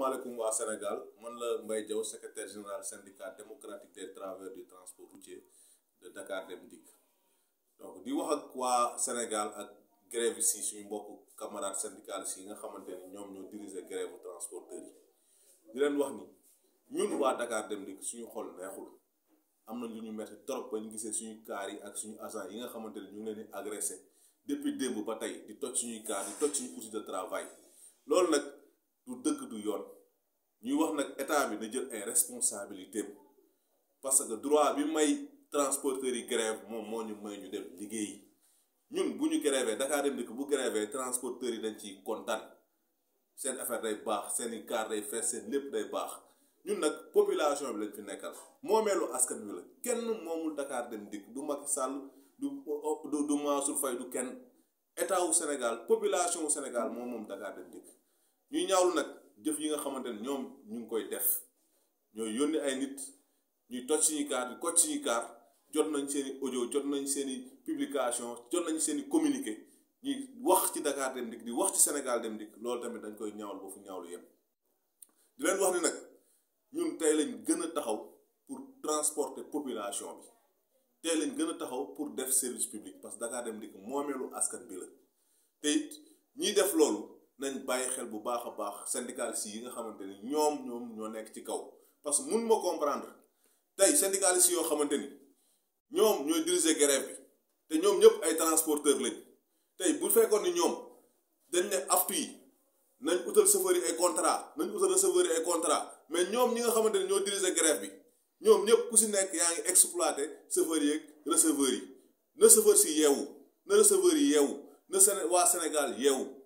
salaamaaleykum waa Sénégal man la Mbaye Diaw secrétaire général syndicat démocratique des travailleurs du transport routier de Dakar Dem Dikk donc di wax ak waa Sénégal ak grève yi si suñu mbokk camarades syndicalistes yi nga xamante ni ñoom ñoo diriger grève transporteurs yi di leen wax ni ñun waa Dakar Dem Dikk suñu xol neexul am na lu ñu metti trop ñu gisee suñu kaar yi ak suñu agent yi nga xamante ni ñu ngi leen di agressé depuis démb ba tey di toj suñuy kaar di toj suñu outil de travail loolu nag. ñuy wax nag état bi na jël ay responsabilité parce que droit bi may transporteurs yi grève moom moo ñu may ñu dem liggéey ñun bu ñu grève Dakar Dem Dikk bu grève transporteurs yi dañ ciy kontaan seen affaire day baax seen i car day fees seen lépp day baax ñun nag population bi lañ fi nekkal moomeelu askan wi la kenn moomul Dakar Dem Dikk du Macky Sall du du du Mansour Faye kenn état wu Sénégal population Sénégal moom moom Dakar Dem Dikk ñuy ñaawlu nag. jëf yi nga xamante ne ñoom ñu ngi koy def ñooy yónnee ay nit ñuy toj suñuy kaar di koj suñuy kaar jot nañ seen i jot nañ seen i publication jot nañ seen i communiqué ñuy wax ci Dakar Dem Dikk di wax ci Sénégal Dem Dikk loolu tamit dañ koy ñaawal ba fu ñaawlu yem di wax ni nag ñun tey lañ gën a taxaw pour transporter population bi tey lañ gën a taxaw pour def service public parce que Dakar Dem Dikk moomeelu askan bi la te it def loolu nañ bàyyi xel bu baax a baax syndicalistes yi nga xamante ni ñoom ñoom ñoo nekk ci kaw parce que mun ma comprendre tey syndicalistes yoo xamante ni ñoom ñooy diriger grève bi te ñoom ñëpp ay transporteurs lañ tey bu fekkoon ni ñoom dañ ne aftu yi nañ utal chauffeur contrat nañ utal receveur yi contrat mais ñoom ñi nga xamante ni ñoo diriger grève ñoom ñëpp ku si nekk yaa ngi exploité chauffeur yeeg receveur yi na chauffeur si yeewu na receveur yi yeewu na Séné waa Sénégal yeewu.